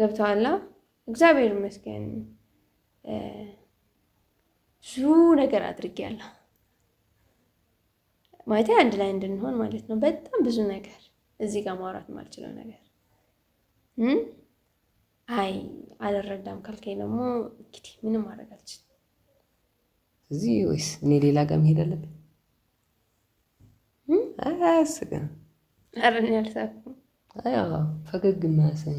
ገብተዋላ። እግዚአብሔር ይመስገን ብዙ ነገር አድርጌያለሁ ማለት አንድ ላይ እንድንሆን ማለት ነው። በጣም ብዙ ነገር እዚህ ጋር ማውራት የማልችለው ነገር አይ አልረዳም ካልከኝ ደግሞ እንግዲህ ምንም ማድረግ አልችልም። እዚህ ወይስ እኔ ሌላ ጋር መሄድ አለብን? አያስቅም። ኧረ እኔ ፈገግ ማያሰኝ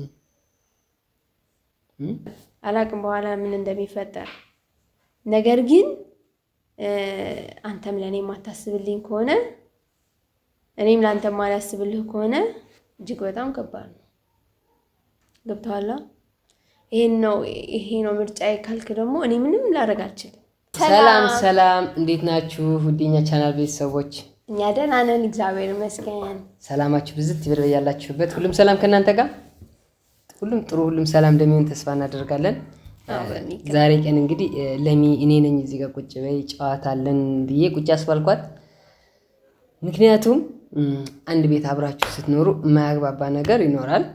አላቅም በኋላ ምን እንደሚፈጠር። ነገር ግን አንተም ለእኔ የማታስብልኝ ከሆነ እኔም ለአንተ የማላስብልህ ከሆነ እጅግ በጣም ከባድ ነው። ገብተኋላ ይሄን ነው ይሄ ነው ምርጫ ካልክ ደግሞ እኔ ምንም ላደርግ አልችልም። ሰላም ሰላም፣ እንዴት ናችሁ? ውድኛ ቻናል ቤተሰቦች እኛ ደህና ነን፣ እግዚአብሔር ይመስገን። ሰላማችሁ ብዝት ይበል። ያላችሁበት ሁሉም ሰላም ከእናንተ ጋር ሁሉም ጥሩ ሁሉም ሰላም እንደሚሆን ተስፋ እናደርጋለን። ዛሬ ቀን እንግዲህ ለሚ እኔ ነኝ እዚህ ጋር ቁጭ በይ ጨዋታ አለን ብዬ ቁጭ አስባልኳት። ምክንያቱም አንድ ቤት አብራችሁ ስትኖሩ የማያግባባ ነገር ይኖራል።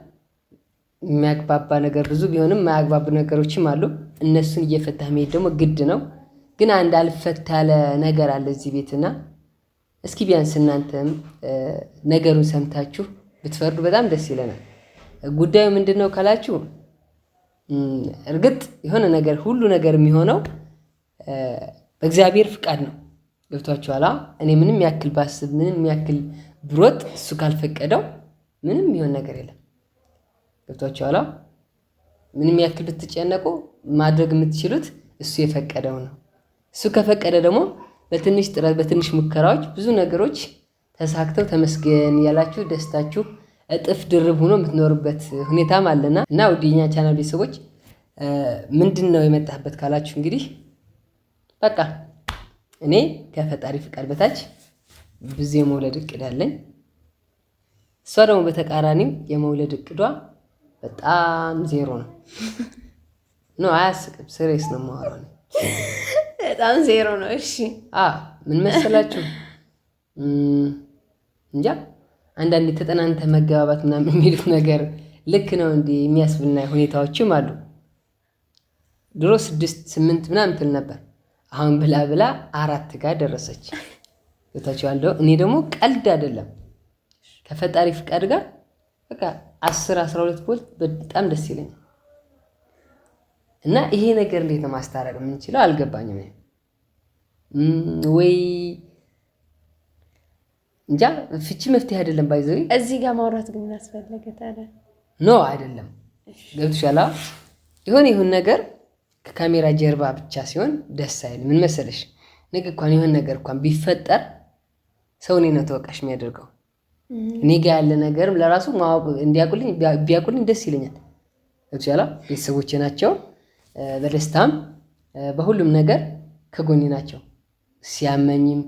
የሚያግባባ ነገር ብዙ ቢሆንም የማያግባቡ ነገሮችም አሉ። እነሱን እየፈታህ መሄድ ደግሞ ግድ ነው። ግን አንድ አልፈታ ያለ ነገር አለ እዚህ ቤትና እስኪ ቢያንስ እናንተም ነገሩን ሰምታችሁ ብትፈርዱ በጣም ደስ ይለናል። ጉዳዩ ምንድን ነው ካላችሁ፣ እርግጥ የሆነ ነገር ሁሉ ነገር የሚሆነው በእግዚአብሔር ፍቃድ ነው። ገብቷችኋል? እኔ ምንም ያክል ባስብ፣ ምንም ያክል ብሮጥ፣ እሱ ካልፈቀደው ምንም የሚሆን ነገር የለም። ገብቷችኋል? ምንም ያክል ብትጨነቁ ማድረግ የምትችሉት እሱ የፈቀደው ነው። እሱ ከፈቀደ ደግሞ በትንሽ ጥረት፣ በትንሽ ሙከራዎች ብዙ ነገሮች ተሳክተው ተመስገን ያላችሁ ደስታችሁ እጥፍ ድርብ ሆኖ የምትኖርበት ሁኔታም አለና እና ውድኛ ቻናል ቤተሰቦች ምንድን ነው የመጣህበት ካላችሁ እንግዲህ በቃ እኔ ከፈጣሪ ፍቃድ በታች ብዙ የመውለድ እቅድ አለኝ። እሷ ደግሞ በተቃራኒው የመውለድ እቅዷ በጣም ዜሮ ነው። ኖ አያስቅም። ስሬስ ነው የማወራው። በጣም ዜሮ ነው። እሺ ምን መሰላችሁ እንጃ አንዳንድ ተጠናንተ መገባባት ምናምን የሚሉት ነገር ልክ ነው እንዲ የሚያስብልና ሁኔታዎችም አሉ። ድሮ ስድስት ስምንት ምናምን ትል ነበር። አሁን ብላ ብላ አራት ጋር ደረሰች። ታችዋለሁ እኔ ደግሞ ቀልድ አይደለም ከፈጣሪ ፍቃድ ጋር በቃ አስር አስራ ሁለት ቦልት በጣም ደስ ይለኛል። እና ይሄ ነገር እንዴት ነው ማስታረቅ የምንችለው አልገባኝም ወይ እንጃ ፍቺ መፍትሄ አይደለም። ባይዘ እዚህ ጋር ማውራት ግን ያስፈለገ ታዲያ ኖ አይደለም። ገብቶሻል። የሆነ ይሁን ነገር ከካሜራ ጀርባ ብቻ ሲሆን ደስ አይል። ምን መሰለሽ ነገ እንኳን የሆን ነገር እንኳን ቢፈጠር ሰው እኔ ነው ተወቃሽ የሚያደርገው። እኔ ጋ ያለ ነገርም ለራሱ ማወቅ እንዲያውቁልኝ ቢያውቁልኝ ደስ ይለኛል። ገብቶሻል። ቤተሰቦቼ ናቸው። በደስታም በሁሉም ነገር ከጎኔ ናቸው ሲያመኝም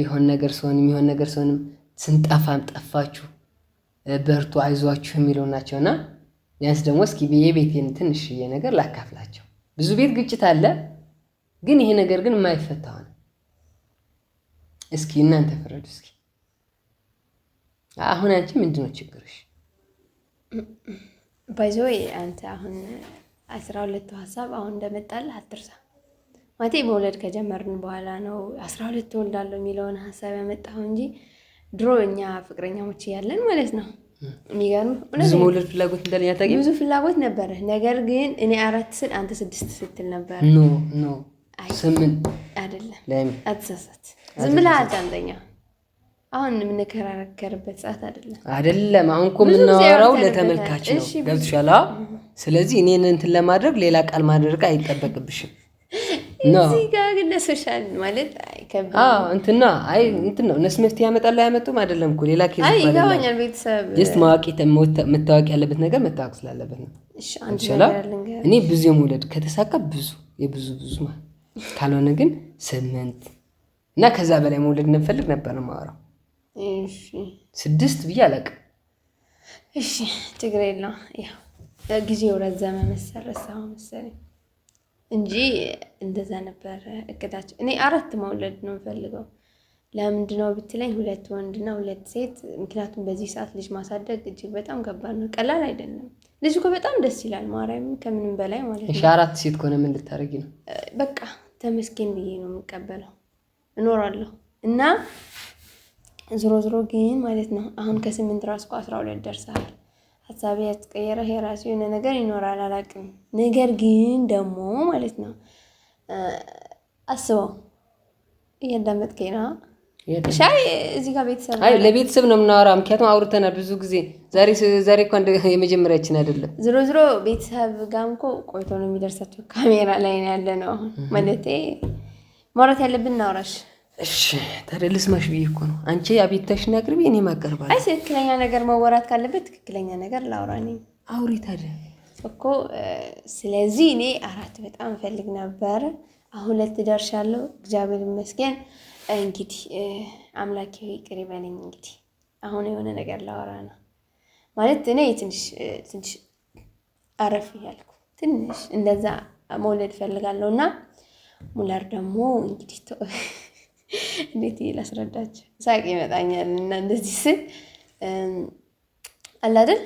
የሆን ነገር ሲሆንም የሆን ነገር ሲሆንም ስንጠፋም ጠፋችሁ በርቱ አይዟችሁ የሚለው ናቸው እና ቢያንስ ደግሞ እስኪ የቤቴን ትንሽዬ ነገር ላካፍላቸው። ብዙ ቤት ግጭት አለ፣ ግን ይሄ ነገር ግን የማይፈታ ሆነ። እስኪ እናንተ ፍረዱ። እስኪ አሁን አንቺ ምንድን ነው ችግርሽ? ባይዘወይ አንተ አሁን አስራ ሁለቱ ሀሳብ አሁን እንደመጣልህ አትርሳ። ማቴ መውለድ ከጀመርን በኋላ ነው አስራ ሁለት እወልዳለሁ የሚለውን ሀሳብ ያመጣው እንጂ ድሮ እኛ ፍቅረኛሞች እያለን ማለት ነው። የሚገርም ብዙ መውለድ ፍላጎት እንዳለኝ ብዙ ፍላጎት ነበረ። ነገር ግን እኔ አራት ስል አንተ ስድስት ስትል ነበር። ኖ ኖ ስምን አይደለም፣ አትሳሳት። ዝም ብለህ አንደኛ አሁን የምንከራከርበት ሰዓት አይደለም አይደለም። አሁን እኮ የምናወራው ለተመልካች ነው። ገብቶሻል? ስለዚህ እኔን እንትን ለማድረግ ሌላ ቃል ማድረግ አይጠበቅብሽም። እዚህ ጋር ግን ለሶሻል ማለት እንትና አይ እንትን ነው እነሱ መፍትሄ ያመጣሉ አያመጡም አይደለም እኮ ሌላ ይገባኛል። ቤተሰብ ስ መታወቅ ያለበት ነገር መታወቅ ስላለበት ነው። እኔ ብዙ የመውለድ ከተሳካ ብዙ የብዙ ብዙ ማለት ካልሆነ ግን ስምንት እና ከዛ በላይ መውለድ እንፈልግ ነበር ስድስት ብዬ እሺ ችግር የለውም። ጊዜው ረዘመ መሰረሰ መሰለኝ እንጂ እንደዛ ነበረ እቅዳቸው። እኔ አራት መውለድ ነው የምፈልገው። ለምንድነው ነው ብትለኝ፣ ሁለት ወንድና ሁለት ሴት። ምክንያቱም በዚህ ሰዓት ልጅ ማሳደግ እጅግ በጣም ከባድ ነው፣ ቀላል አይደለም። ልጅ እኮ በጣም ደስ ይላል፣ ማርያም ከምንም በላይ ማለት ነው። አራት ሴት ከሆነ ምን ልታደርጊ ነው? በቃ ተመስገን ብዬ ነው የምቀበለው፣ እኖራለሁ እና ዞሮ ዞሮ ግን ማለት ነው አሁን ከስምንት ራስ እኮ አስራ ሁለት ደርሰሃል። ሀሳብ ያስቀየረ የራሱ የሆነ ነገር ይኖራል፣ አላቅም። ነገር ግን ደግሞ ማለት ነው አስበው እያዳመጥከኝ ነው። ሻይ እዚህ ጋር ቤተሰብ ለቤተሰብ ነው የምናወራ፣ ምክንያቱም አውርተናል ብዙ ጊዜ። ዛሬ ዛሬ እኮ የመጀመሪያችን አይደለም። ዝሮ ዝሮ ቤተሰብ ጋም እኮ ቆይቶ ነው የሚደርሳቸው። ካሜራ ላይ ያለ ነው አሁን። ማለቴ ማውራት ያለብን እናውራሽ እሺ ታዲያ ልስማሽ ብዬ እኮ ነው። አንቺ አቤታሽን አቅርቢ፣ እኔ ማቀርባል። አይ ትክክለኛ ነገር መወራት ካለበት ትክክለኛ ነገር ላውራ። እኔ አውሪ ታዲያ እኮ። ስለዚህ እኔ አራት በጣም ፈልግ ነበር፣ አሁን ሁለት ደርሻለሁ፣ እግዚአብሔር ይመስገን። እንግዲህ አምላኪ ይቅር ይበለኝ። እንግዲህ አሁን የሆነ ነገር ላወራ ነው ማለት እኔ ትንሽ ትንሽ አረፍ እያልኩ ትንሽ እንደዛ መውለድ እፈልጋለሁ እና ሙላር ደግሞ እንግዲህ እንዴት ላስረዳችሁ? ሳቅ ይመጣኛል እና እንደዚህ ስል አላደል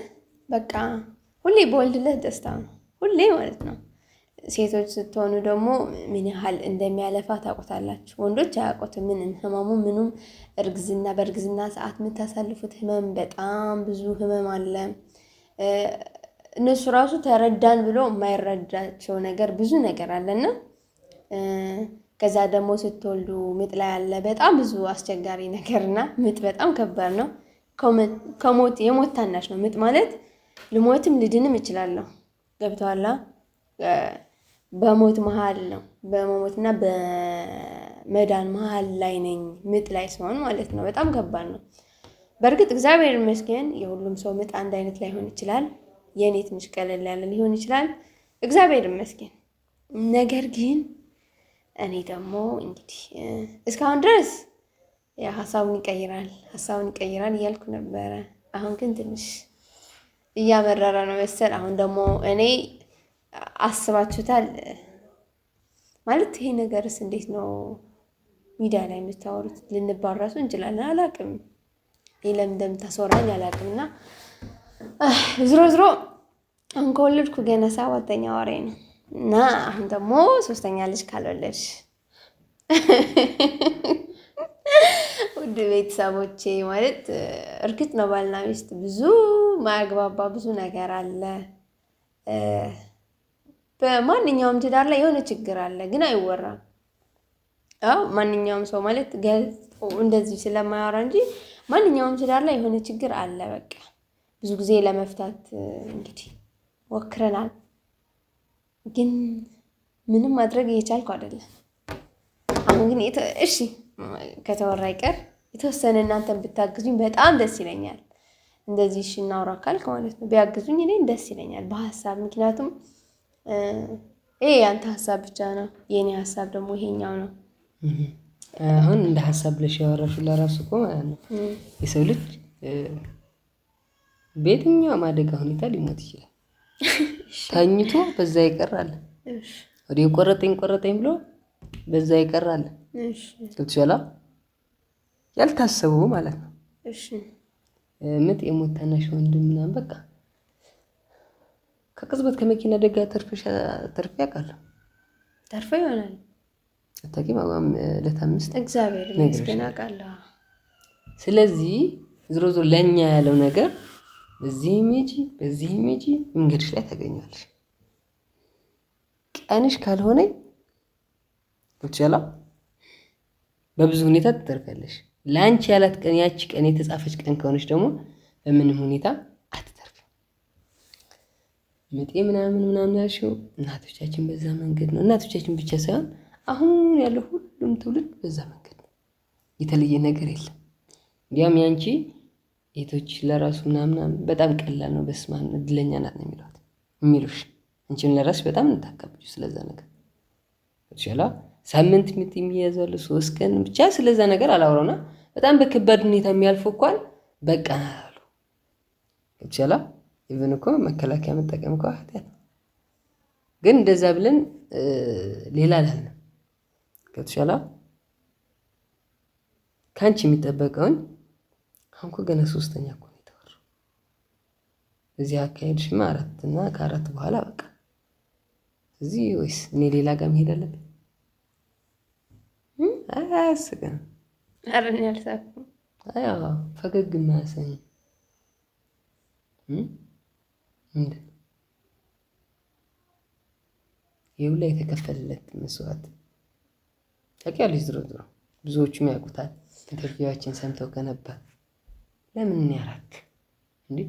በቃ ሁሌ በወልድለት ደስታ ነው፣ ሁሌ ማለት ነው። ሴቶች ስትሆኑ ደግሞ ምን ያህል እንደሚያለፋ ታውቁታላችሁ። ወንዶች አያውቁትም። ምን ህመሙ ምኑም እርግዝና፣ በእርግዝና ሰዓት የምታሳልፉት ህመም በጣም ብዙ ህመም አለ። እነሱ ራሱ ተረዳን ብሎ የማይረዳቸው ነገር ብዙ ነገር አለና ከዛ ደግሞ ስትወልዱ ምጥ ላይ ያለ በጣም ብዙ አስቸጋሪ ነገርና ምጥ በጣም ከባድ ነው። ከሞት የሞት ታናሽ ነው ምጥ ማለት ልሞትም ልድንም እችላለሁ። ገብተዋላ በሞት መሀል ነው በመሞትና በመዳን መሀል ላይ ነኝ ምጥ ላይ ሲሆን ማለት ነው። በጣም ከባድ ነው። በእርግጥ እግዚአብሔር ይመስገን የሁሉም ሰው ምጥ አንድ አይነት ላይሆን ይችላል። የእኔ ትንሽ ቀለል ያለ ሊሆን ይችላል። እግዚአብሔር ይመስገን። ነገር ግን እኔ ደግሞ እንግዲህ እስካሁን ድረስ ሀሳቡን ይቀይራል ሀሳቡን ይቀይራል እያልኩ ነበረ። አሁን ግን ትንሽ እያመረረ ነው መሰል። አሁን ደግሞ እኔ አስባችሁታል ማለት ይሄ ነገርስ እንዴት ነው ሚዲያ ላይ የምታወሩት? ልንባረሱ እንችላለን። አላቅም ይህ እንደምታስወራኝ አላቅም። እና ዝሮ ዝሮ አሁን ከወለድኩ ገና ሰባተኛ ወሬ ነው። እና አሁን ደግሞ ሶስተኛ ልጅ ካልወለድሽ ውድ ቤተሰቦቼ ማለት እርግጥ ነው ባልና ሚስት ብዙ ማያግባባ ብዙ ነገር አለ። በማንኛውም ትዳር ላይ የሆነ ችግር አለ፣ ግን አይወራም። አዎ ማንኛውም ሰው ማለት ገልጾ እንደዚህ ስለማያወራ እንጂ ማንኛውም ትዳር ላይ የሆነ ችግር አለ። በቃ ብዙ ጊዜ ለመፍታት እንግዲህ ሞክረናል። ግን ምንም ማድረግ እየቻልኩ አይደለም። አሁን ግን እሺ ከተወራ ይቀር የተወሰነ እናንተን ብታግዙኝ በጣም ደስ ይለኛል። እንደዚህ እሺ እናውራ ካልክ ማለት ነው ቢያግዙኝ እኔም ደስ ይለኛል በሀሳብ ምክንያቱም ይሄ ያንተ ሀሳብ ብቻ ነው፣ የእኔ ሀሳብ ደግሞ ይሄኛው ነው። አሁን እንደ ሀሳብ ብለሽ ያወራሽው ለራሱ እኮ ማለት ነው የሰው ልጅ በየትኛውም አደጋ ሁኔታ ሊሞት ይችላል። ተኝቶ በዛ ይቀራል። ወዲህ ቆረጠኝ ቆረጠኝ ብሎ በዛ ይቀራል። ገብቶሻል? ያልታሰቡ ማለት ነው። ምጥ የሞት ታናሽ ወንድም ምናምን በቃ ከቅጽበት ከመኪና ደጋ ተርፈሻ ተርፌ አውቃለሁ። ተርፈ ይሆናል አታቂ አቋም ለታምስት እግዚአብሔር ይመስገን አውቃለሁ። ስለዚህ ዝሮ ዝሮ ለእኛ ያለው ነገር በዚህም ሂጂ በዚህም ሂጂ መንገድሽ ላይ ታገኛለሽ። ቀንሽ ካልሆነ ብቻላ በብዙ ሁኔታ ትተርፊያለሽ። ለአንቺ ያላት ቀን ያቺ ቀን የተጻፈች ቀን ከሆነች ደግሞ በምንም ሁኔታ አትተርፍም። ምጤ ምናምን ምናምን ያልሽው እናቶቻችን በዛ መንገድ ነው። እናቶቻችን ብቻ ሳይሆን አሁን ያለው ሁሉም ትውልድ በዛ መንገድ ነው። የተለየ ነገር የለም። እንዲያም ያንቺ ቤቶች ለራሱ ምናምናም በጣም ቀላል ነው። በስማን እድለኛ ናት ነው የሚሏት የሚሉሽ አንቺን ለራስሽ በጣም እንታካብጁ ስለዛ ነገር ቻላ ሳምንት ምት የሚያዘሉ ሶስት ቀን ብቻ ስለዛ ነገር አላውረውና በጣም በከባድ ሁኔታ የሚያልፉ እኳን በቃ አሉ ቻላ ኢቨን እኮ መከላከያ መጠቀም እኮ ኃጢአት ግን እንደዛ ብለን ሌላ አላልንም። ከተሻላ ከአንቺ የሚጠበቀውን እኮ ገና ሶስተኛ እኮ ነው የተወራው። እዚህ አካሄድሽማ አራት እና ከአራት በኋላ በቃ እዚህ ወይስ እኔ ሌላ ጋር መሄድ አለብኝ? አያስቅም። ኧረ እኔ አያ ፈገግ ማሰኝ ምንድን የሁላ የተከፈለለት መስዋዕት ታውቂያለሽ። ብዙዎቹም ያውቁታል። ኢንተርቪዋችን ሰምተው ከነበር ለምን ያረክ እንዴ?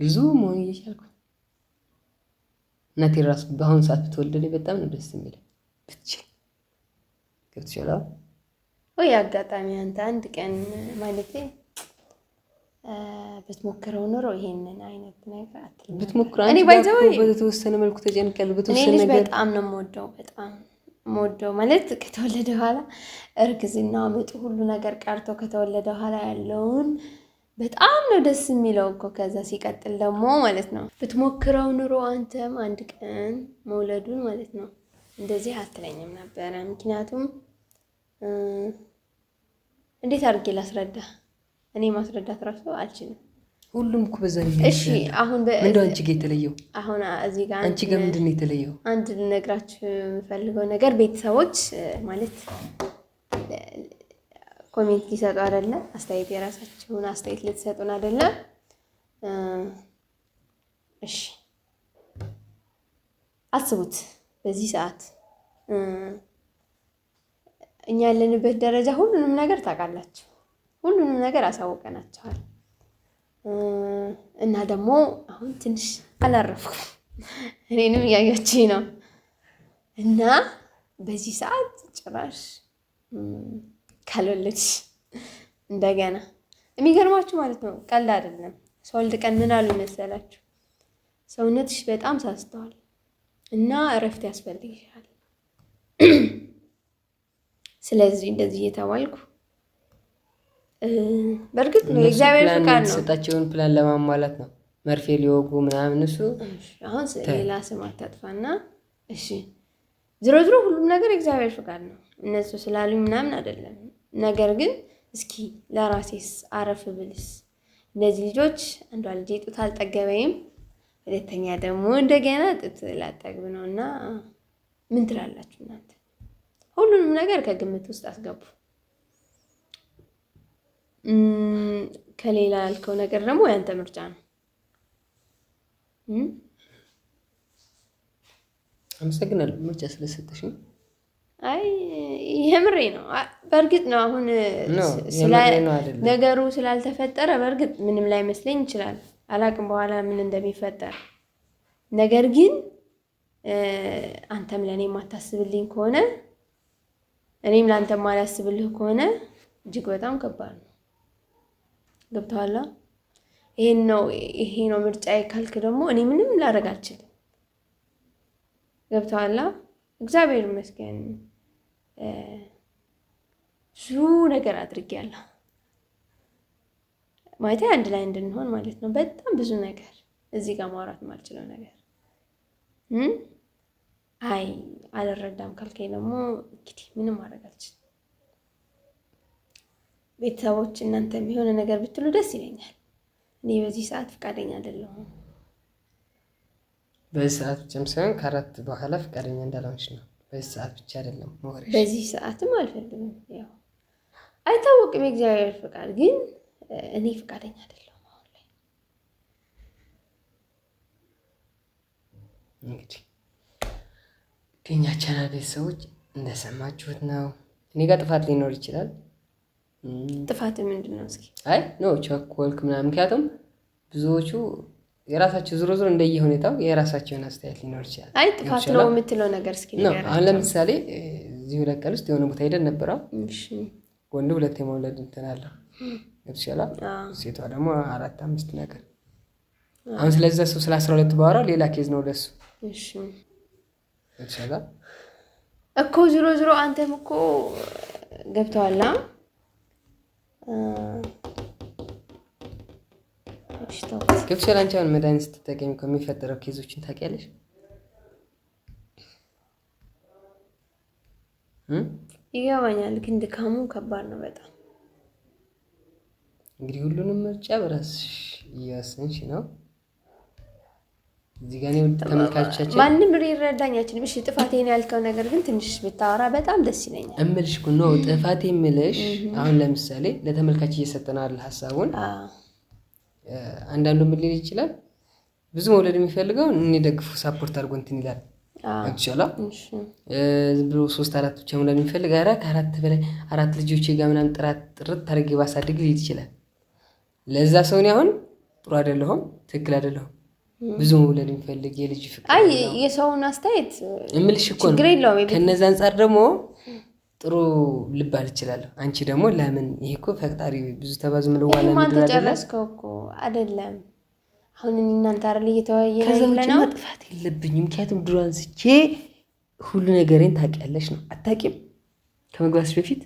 ብዙ መሆን እየቻልኩ እናቴ ራሱ በአሁኑ ሰዓት ብትወልድ በጣም ነው ደስ የሚለኝ። ብትችል ገብትችላ ወይ አጋጣሚ አንተ አንድ ቀን ማለት ብትሞክረው ኖሮ ይሄንን አይነት ነገር ብትሞክረው እኔ ባይዘው በተወሰነ መልኩ ተጨንቀል በተወሰነ ነገር በጣም ነው የምወደው በጣም ሞደው ማለት ከተወለደ በኋላ እርግዝና ምጡ ሁሉ ነገር ቀርቶ ከተወለደ በኋላ ያለውን በጣም ነው ደስ የሚለው እኮ። ከዛ ሲቀጥል ደግሞ ማለት ነው ብትሞክረው ኑሮ አንተም አንድ ቀን መውለዱን ማለት ነው እንደዚህ አትለኝም ነበረ። ምክንያቱም እንዴት አድርጌ ላስረዳ? እኔ ማስረዳት ራሱ አልችልም። ሁሉም እኮ በዛ ላይ እሺ። አሁን እንደው አንቺ ጋር የተለየው አሁን እዚህ ጋር አንቺ ጋር ምንድን ነው የተለየው? አንድ ልነግራችሁ የምፈልገው ነገር ቤተሰቦች ማለት ኮሜንት ሊሰጡ አይደለ፣ አስተያየት የራሳችሁን አስተያየት ልትሰጡን አይደለ? እሺ አስቡት፣ በዚህ ሰዓት እኛ ያለንበት ደረጃ ሁሉንም ነገር ታውቃላችሁ፣ ሁሉንም ነገር አሳውቀናችኋል። እና ደግሞ አሁን ትንሽ አላረፍኩም፣ እኔንም እያየች ነው እና በዚህ ሰዓት ጭራሽ ካልወለድሽ እንደገና የሚገርማችሁ ማለት ነው። ቀልድ አይደለም። ሰወልድ ቀን ምን አሉ ይመሰላችሁ? ሰውነትሽ በጣም ሳስተዋል እና እረፍት ያስፈልግሻል። ስለዚህ እንደዚህ እየተባልኩ በእርግጥ ነው የእግዚአብሔር ፍቃድ ነው። ሰጣቸውን ፕላን ለማሟላት ነው መርፌ ሊወጉ ምናምን። እሱ አሁን ሌላ ስም አታጥፋና። እሺ ዝሮ ዝሮ ሁሉም ነገር የእግዚአብሔር ፍቃድ ነው። እነሱ ስላሉ ምናምን አይደለም። ነገር ግን እስኪ ለራሴስ አረፍ ብልስ፣ እነዚህ ልጆች አንዷ ልጅ ጡት አልጠገበይም፣ ሁለተኛ ደግሞ እንደገና ጡት ላጠግብ ነው እና ምን ትላላችሁ እናንተ? ሁሉንም ነገር ከግምት ውስጥ አስገቡ። ከሌላ ያልከው ነገር ደግሞ ያንተ ምርጫ ነው። አመሰግናለሁ ምርጫ ስለሰጠሽ። አይ የምሬ ነው። በእርግጥ ነው አሁን ነገሩ ስላልተፈጠረ በእርግጥ ምንም ላይ መስለኝ ይችላል። አላቅም በኋላ ምን እንደሚፈጠር ነገር ግን አንተም ለእኔ የማታስብልኝ ከሆነ እኔም ለአንተ ማላስብልህ ከሆነ እጅግ በጣም ከባድ ነው። ገብተኋላ ይሄን ነው ይሄ ነው ምርጫዬ ካልክ ደግሞ እኔ ምንም ላደርግ አልችልም። ገብተኋላ እግዚአብሔር ይመስገን ብዙ ነገር አድርጌያለሁ። ማለት አንድ ላይ እንድንሆን ማለት ነው። በጣም ብዙ ነገር እዚህ ጋር ማውራት የማልችለው ነገር አይ አልረዳም ካልከኝ ደግሞ እንግዲህ ምንም ማድረግ አልችልም። ቤተሰቦች እናንተ የሆነ ነገር ብትሉ ደስ ይለኛል። እኔ በዚህ ሰዓት ፈቃደኛ አይደለሁም። በዚህ ሰዓት ብቻም ሳይሆን ከአራት በኋላ ፈቃደኛ እንዳልሆንሽ ነው። በዚህ ሰዓት ብቻ አይደለም፣ በዚህ ሰዓትም አልፈልግም። ያው አይታወቅም የእግዚአብሔር ፈቃድ፣ ግን እኔ ፈቃደኛ አይደለሁም አሁን ላይ። እንግዲህ ከኛ ቻናል ቤተሰቦች እንደሰማችሁት ነው። እኔ ጋር ጥፋት ሊኖር ይችላል ጥፋት ምንድን ነው? እስኪ አይ ኖ ቸኮልክ ምናምን። ምክንያቱም ብዙዎቹ የራሳቸው ዞሮ ዞሮ እንደየ ሁኔታው የራሳቸውን አስተያየት ሊኖር ይችላል። አይ ጥፋት ነው የምትለው ነገር እስኪ አሁን ለምሳሌ እዚህ ለቀል ውስጥ የሆነ ቦታ ሄደን ነበረ። ወንዱ ሁለት የመውለድ እንትን አለው ይችላል፣ ሴቷ ደግሞ አራት አምስት ነገር። አሁን ስለዛ ሰው ስለ አስራ ሁለት ባወራው ሌላ ኬዝ ነው ለሱ ይችላል እኮ ዝሮ ዝሮ አንተም እኮ ገብተዋላ ገብቶሻል። አንቺ አሁን መድኃኒት ስትጠቀሚ ከሚፈጠረው ኬዞችን ታውቂያለሽ። ይገባኛል፣ ግን ድካሙ ከባድ ነው በጣም እንግዲህ ሁሉንም ምርጫ በራስሽ እያሰንሽ ነው። እዚህ ጋር ተመልካቾቻችን ማንም ሊረዳኝ አይችልም። እሺ ጥፋቴን ያልከው ነገር ግን ትንሽ ብታወራ በጣም ደስ ይለኛል። እምልሽ ኩኖ ነው ጥፋቴ እምልሽ። አሁን ለምሳሌ ለተመልካች እየሰጠናል ሀሳቡን። አንዳንዱ ምን ሊል ይችላል? ብዙ መውለድ የሚፈልገው እንደግፉ ሳፖርት አድርጎ እንትን ይላል ይችላ ብሎ ሶስት አራት ብቻ መውለድ የሚፈልግ ኧረ ከአራት በላይ አራት ልጆች ጋር ምናምን ጥራት ጥርት ታደርጌ ባሳድግ ሊል ይችላል። ለዛ ሰውን አሁን ጥሩ አይደለሁም፣ ትክክል አይደለሁም ብዙ መውለድ የሚፈልግ የልጅ ፍቅር አይ የሰውን አስተያየት እምልሽ እኮ ነው። ከነዚ አንጻር ደግሞ ጥሩ ልባል እችላለሁ። አንቺ ደግሞ ለምን ይሄ እኮ ፈቅጣሪ ብዙ ተባዙ ምለዋላ ጨረስከው እኮ አይደለም። አሁን እናንተ አረል እየተወያየ ከዛ ውጭ መጥፋት የለብኝም። ምክንያቱም ድሮ አንስቼ ሁሉ ነገሬን ታውቂያለሽ ነው። አታውቂም ከመግባትሽ በፊት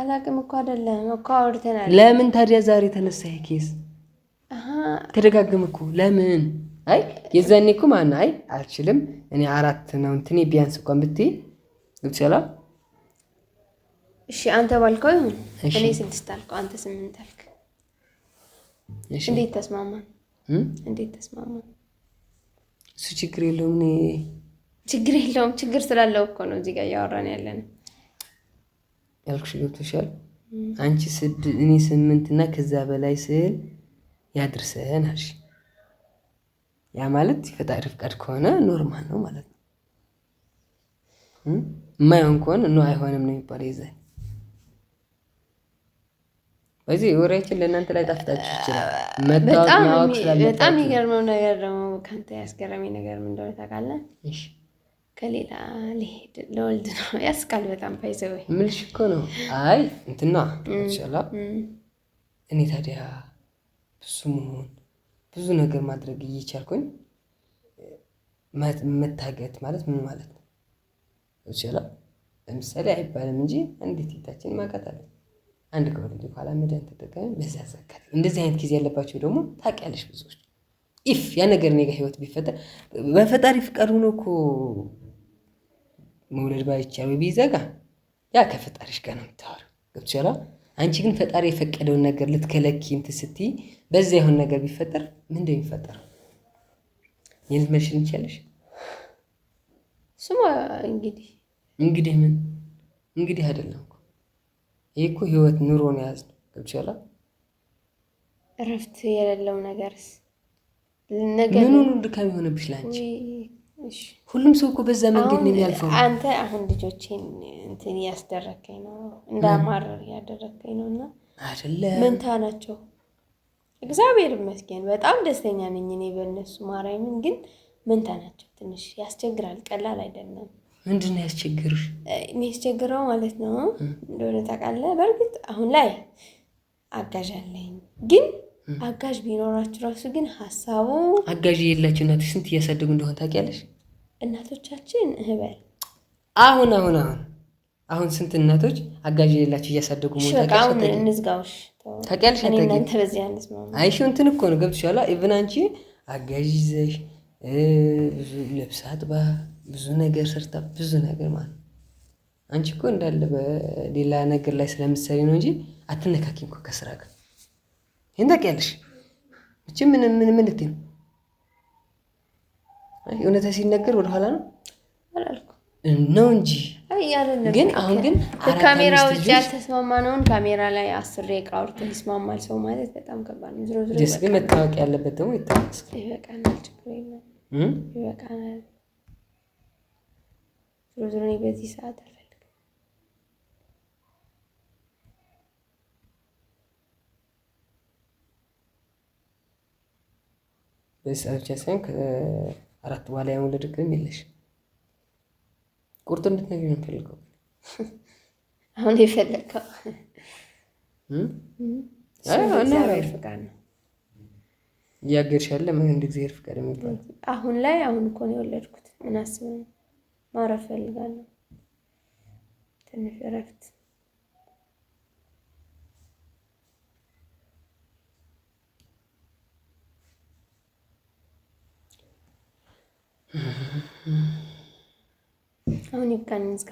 አላቅም እኮ አደለም እኮ አውርተናል። ለምን ታዲያ ዛሬ ተነሳ ኬስ? ተደጋግም እኮ ለምን አይ የዛኔ እኮ ማን አይ አልችልም እኔ አራት ነው እንትኔ ቢያንስ እንኳን ብትይ ብትሰላ እሺ አንተ ባልከው ይሁን። እኔ ስድስት አልከው አንተ ስምንት አልክ። እንዴት ተስማማን? እንዴት ተስማማን? እሱ ችግር የለውም። እኔ ችግር የለውም። ችግር ስላለው እኮ ነው እዚህ ጋር እያወራን ያለን ያልኩሽ ገብቶሻል። አንቺ ስድ እኔ ስምንት እና ከዛ በላይ ስል ያድርሰን አልሽ ያ ማለት የፈጣሪ ፍቃድ ከሆነ ኖርማል ነው ማለት ነው። የማይሆን ከሆነ ኖ አይሆንም ነው የሚባለው። ይዘ በዚህ ወሬያችን ለእናንተ ላይ ጣፍጣችሁ ይችላል። በጣም የሚገርመው ነገር ደግሞ ከአንተ ያስገረመኝ ነገር ምን እንደሆነ ታውቃለህ? ከሌላ ሊሄድ ለወልድ ነው ያስቃል። በጣም ፓይዘወ ምልሽ እኮ ነው። አይ እንትና ይሻላ እኔ ታዲያ ብሱ መሆን ብዙ ነገር ማድረግ እየቻልኩኝ መታገት ማለት ምን ማለት ነው? ይችላ ለምሳሌ አይባልም እንጂ እንዴት ጌታችን ማቃት አለ አንድ ከወለደ በኋላ መድን ተጠቀመ በዛ ዘካት። እንደዚህ አይነት ጊዜ ያለባቸው ደግሞ ታውቂያለሽ ብዙዎች ኢፍ ያ ነገር እኔ ጋ ህይወት ቢፈጠር በፈጣሪ ፍቃድ ሆኖ እኮ መውለድ ባይቻል ቢዘጋ ያ ከፈጣሪሽ ጋር ነው የምታወሪው። ገብቶሻል። አንቺ ግን ፈጣሪ የፈቀደውን ነገር ልትከለኪ እንትን ስትይ በዛ የሆን ነገር ቢፈጠር ምንድን የሚፈጠረው? የንት መሽን ይቻለሽ ስማ እንግዲህ እንግዲህ ምን እንግዲህ አይደለም እኮ ይህ እኮ ህይወት ኑሮ ነው የያዝነው። ገብቻላ እረፍት የሌለው ነገርስ ነገ ምኑኑ ድካም የሆነብሽ ለአንቺ ሁሉም ሰው እኮ በዛ መንገድ ነው የሚያልፈው። አንተ አሁን ልጆቼን እንትን እያስደረከኝ ነው እንዳማረር እያደረከኝ ነው። እና መንታ ናቸው። እግዚአብሔር ይመስገን በጣም ደስተኛ ነኝ እኔ በእነሱ ማርያምን። ግን መንታ ናቸው። ትንሽ ያስቸግራል፣ ቀላል አይደለም። ምንድን ነው ያስቸግርሽ? የሚያስቸግረው ማለት ነው እንደሆነ ታውቃለህ። በእርግጥ አሁን ላይ አጋዥ አለኝ ግን አጋዥ ቢኖራችሁ ራሱ ግን ሀሳቡ አጋዥ የላችሁ እናትሽ ስንት እያሳደጉ እንደሆነ ታውቂያለሽ? እናቶቻችን እህበል አሁን አሁን አሁን አሁን ስንት እናቶች አጋዥ የሌላቸው እያሳደጉ ሞታቸውንዝጋዎች ታውቂያለሽ። እንትን እኮ ነው ገብቶሻል። ኢቭን አንቺ አጋዥ ይዘሽ ብዙ ልብስ አጥባ ብዙ ነገር ሰርታ ብዙ ነገር ማለት አንቺ እኮ እንዳለ በሌላ ነገር ላይ ስለምትሰሪ ነው እንጂ አትነካኪም እኮ ከስራ ጋር ይህን ታውቂያለሽ። ምንም ምን ምን ልትይ ነው እውነት ሲነገር ወደኋላ ነው አላልኩም ነው እንጂ ግን አሁን ግን ከካሜራ ውጭ ነውን ካሜራ ላይ አስር ደቂቃ አውርተን ይስማማል ሰው ማለት በጣም ከባድ ነው። ዝሮ ዝሮ ግን መታወቅ ያለበት ደግሞ ይታወቅ። ይበቃናል፣ ችግር የለም ይበቃናል። ዝሮ ዝሮ እኔ በዚህ ሰዓት አልፈልግም። በዚህ ሰዓት ብቻ ሳይሆን አራት በኋላ የመውለድ እቅድም የለሽ። ቁርጥ እንድትነግሪኝ ነው የምፈልገው። አሁን የፈለግከው እያገድሽ ያለ ምን እንደ እግዚአብሔር ፍቃድ የሚባል አሁን ላይ አሁን እኮ ነው የወለድኩት። ምን አስበን ማረፍ ፈልጋለሁ ትንሽ እረፍት አሁን ይብቃን እንዝጋ።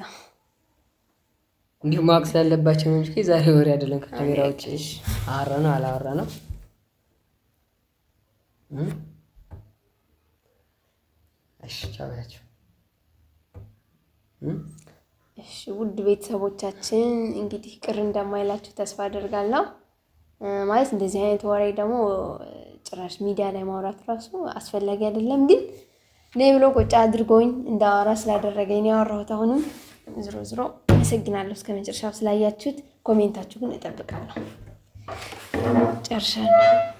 እንዲሁ ማወቅ ስላለባቸው ነው እንጂ ዛሬ ወሬ አይደለም። ከካሜራ ውጭ አወራ ነው አላወራ ነው እሺ፣ ቻው እሺ ውድ ቤተሰቦቻችን እንግዲህ ቅር እንደማይላችሁ ተስፋ አደርጋለሁ። ማለት እንደዚህ አይነት ወሬ ደግሞ ጭራሽ ሚዲያ ላይ ማውራት ራሱ አስፈላጊ አይደለም ግን ነይ ብሎ ቁጭ አድርጎኝ እንዳወራ ስላደረገኝ ነው ያወራሁት። አሁንም ዝሮ ዝሮ አመሰግናለሁ እስከ መጨረሻው ስላያችሁት። ኮሜንታችሁ ግን እጠብቃለሁ። ጨርሻለሁ።